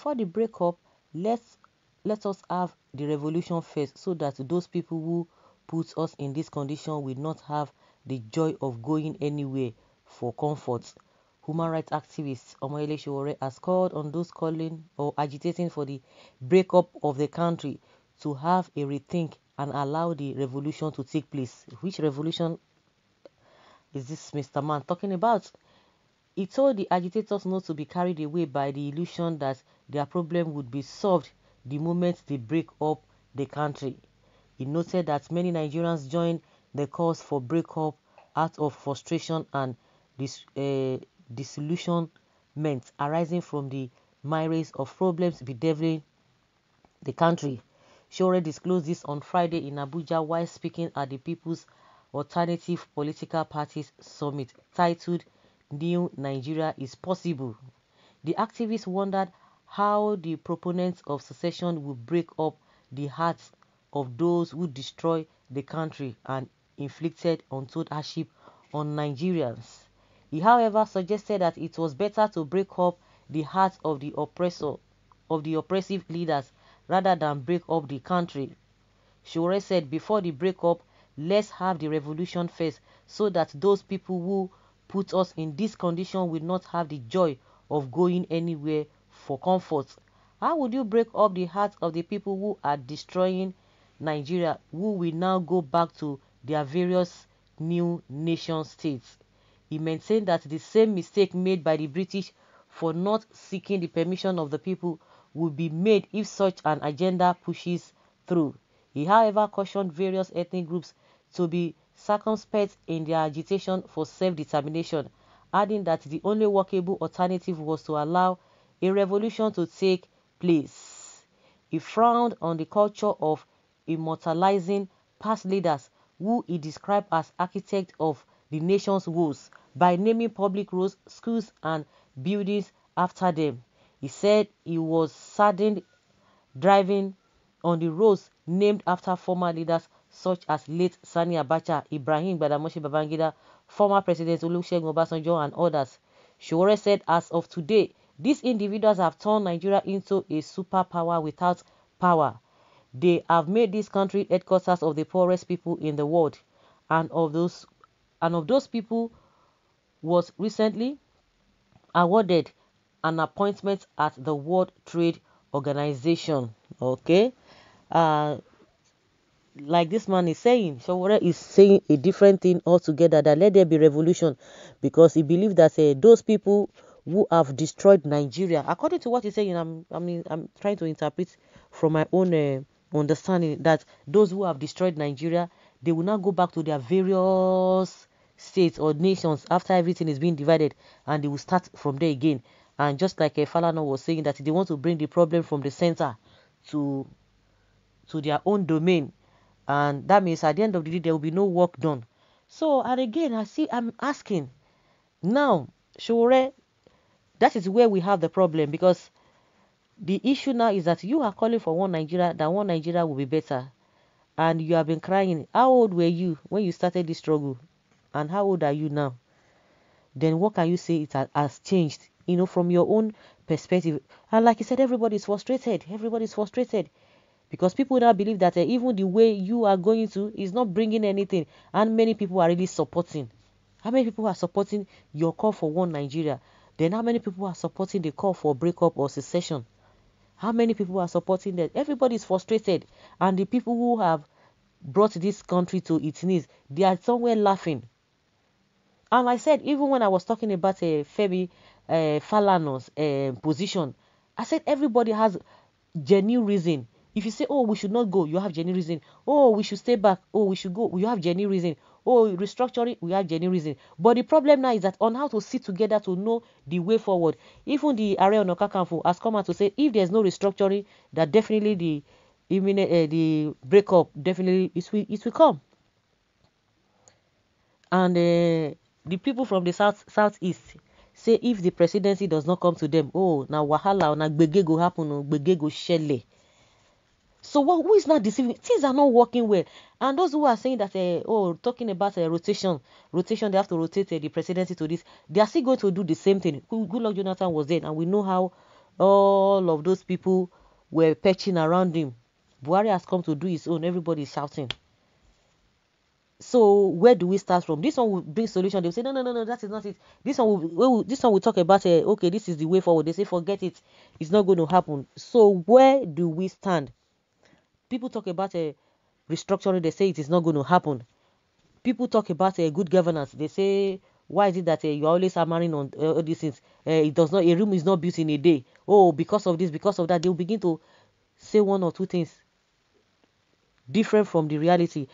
before the breakup, let's let us have the revolution first so that those people who put us in this condition will not have the joy of going anywhere for comfort. Human rights activist Omoyele Sowore has called on those calling or agitating for the breakup of the country to have a rethink and allow the revolution to take place. Which revolution is this Mr. Man talking about? He told the agitators not to be carried away by the illusion that their problem would be solved the moment they break up the country. He noted that many Nigerians joined the calls for breakup out of frustration and dis- uh, disillusionment arising from the myriads of problems bedeviling the country. Shore disclosed this on Friday in Abuja while speaking at the People's Alternative Political Parties Summit titled New Nigeria is Possible. The activist wondered how the proponents of secession will break up the hearts of those who destroy the country and inflicted untold hardship on Nigerians. He, however, suggested that it was better to break up the hearts of the oppressor, of the oppressive leaders, rather than break up the country. Shore said, before the breakup, let's have the revolution first, so that those people who put us in this condition will not have the joy of going anywhere for comfort. How would you break up the hearts of the people who are destroying Nigeria, who will now go back to their various new nation states? He maintained that the same mistake made by the British for not seeking the permission of the people would be made if such an agenda pushes through. He, however, cautioned various ethnic groups to be circumspect in their agitation for self determination, adding that the only workable alternative was to allow a revolution to take place. He frowned on the culture of immortalizing past leaders who he described as architects of the nation's woes by naming public roads, schools, and buildings after them. He said he was saddened driving on the roads named after former leaders such as late Sani Abacha, Ibrahim Badamoshe Babangida, former President Olusegun Obasanjo, and others. Shore said as of today, these individuals have turned Nigeria into a superpower without power. They have made this country headquarters of the poorest people in the world, and of those and of those people was recently awarded an appointment at the World Trade Organization. Okay, uh, like this man is saying, Shawara is saying a different thing altogether. That let there be revolution, because he believed that uh, those people who have destroyed Nigeria. According to what he's saying, I'm, I mean, I'm trying to interpret from my own uh, understanding that those who have destroyed Nigeria, they will now go back to their various states or nations after everything is being divided, and they will start from there again. And just like uh, Falano was saying, that they want to bring the problem from the center to to their own domain, and that means at the end of the day there will be no work done. So, and again, I see I'm asking now, Shure. That is where we have the problem because the issue now is that you are calling for one Nigeria, that one Nigeria will be better. And you have been crying. How old were you when you started this struggle? And how old are you now? Then what can you say it has changed? You know, from your own perspective. And like I said, everybody is frustrated. Everybody is frustrated because people now believe that uh, even the way you are going to is not bringing anything and many people are really supporting how many people are supporting your call for one nigeria then how many people are supporting the call for breakup or secession? How many people are supporting that? Everybody is frustrated, and the people who have brought this country to its knees, they are somewhere laughing. And I said, even when I was talking about a uh, Femi uh, Falano's uh, position, I said everybody has genuine reason. If you say, oh, we should not go, you have genuine reason. Oh, we should stay back. Oh, we should go, you have genuine reason oh, restructuring, we have genuine reason. But the problem now is that on how to sit together to know the way forward. Even the on Onokakanfo has come out to say if there's no restructuring, that definitely the imminent, uh, the breakup definitely it will, it will come. And uh, the people from the south southeast say if the presidency does not come to them, oh, now wahala, now gbege go happen, oh, gbege go so what, who is not deceiving? Things are not working well. And those who are saying that, uh, oh, talking about uh, rotation, rotation, they have to rotate uh, the presidency to this, they are still going to do the same thing. Good luck Jonathan was there, and we know how all of those people were perching around him. Buhari has come to do his own. Everybody is shouting. So where do we start from? This one will bring solution. They will say no, no, no, no, that is not it. This one will, will this one will talk about uh, okay, this is the way forward. They say forget it, it's not going to happen. So where do we stand? People talk about a restructuring, they say it is not going to happen. People talk about a good governance, they say why is it that uh, you are always hammering on uh, all these things? Uh, it does not a room is not built in a day. Oh, because of this, because of that, they will begin to say one or two things different from the reality.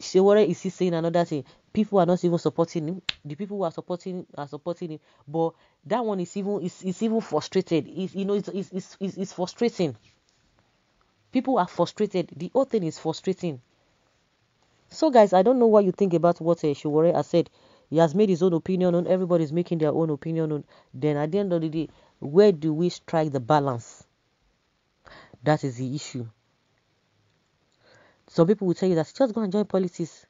Shewore is he saying another thing. People are not even supporting him. The people who are supporting are supporting him, but that one is even is, is even frustrated. It's, you know, it's, it's, it's, it's frustrating. People are frustrated. The whole thing is frustrating. So, guys, I don't know what you think about what uh, Shiwore has said. He has made his own opinion on. Everybody's making their own opinion on. Then, at the end of the day, where do we strike the balance? That is the issue. Some people will tell you that just go and join politics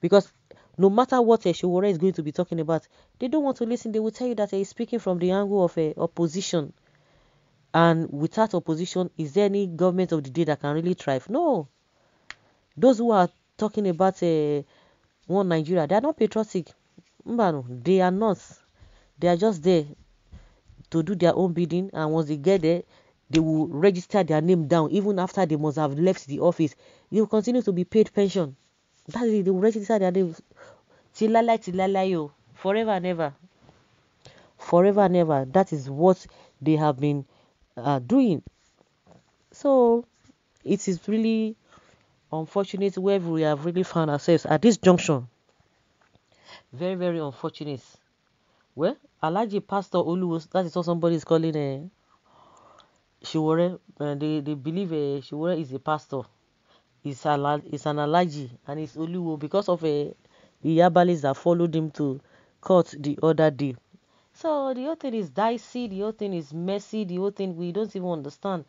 because no matter what uh, Shiwore is going to be talking about, they don't want to listen. They will tell you that he's speaking from the angle of uh, opposition. And without opposition, is there any government of the day that can really thrive? No. Those who are talking about uh, one Nigeria, they are not patriotic. They are not. They are just there to do their own bidding. And once they get there, they will register their name down. Even after they must have left the office, they will continue to be paid pension. That is, they will register their name. Tilala, tilala, yo. Forever and ever. Forever and ever. That is what they have been are doing. So it is really unfortunate where we have really found ourselves at this junction. Very, very unfortunate. Well, Alaji Pastor Oluwo, that is what somebody is calling a uh, eh, Shiwore. Uh, they, they believe uh, Shiwore is a pastor. It's, it's an Alaji and it's Oluwo because of a the Iyabalis that followed him to court the other day. So the whole thing is dicey, the whole thing is messy, the whole thing we don't even understand.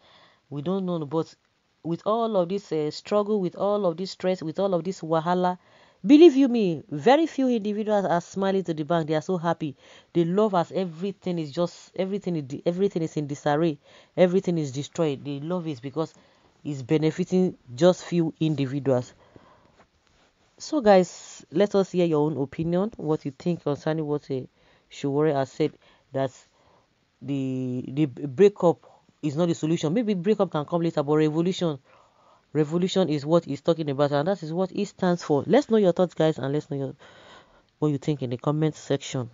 We don't know. But with all of this uh, struggle, with all of this stress, with all of this wahala, believe you me, very few individuals are smiling to the bank. They are so happy. They love us. Everything is just everything. Is, everything is in disarray. Everything is destroyed. The love is because it's benefiting just few individuals. So guys, let us hear your own opinion. What you think concerning what. Uh, worry has said that the the breakup is not the solution. Maybe breakup can come later, but revolution, revolution is what he's talking about, and that is what he stands for. Let's know your thoughts, guys, and let's know your, what you think in the comment section.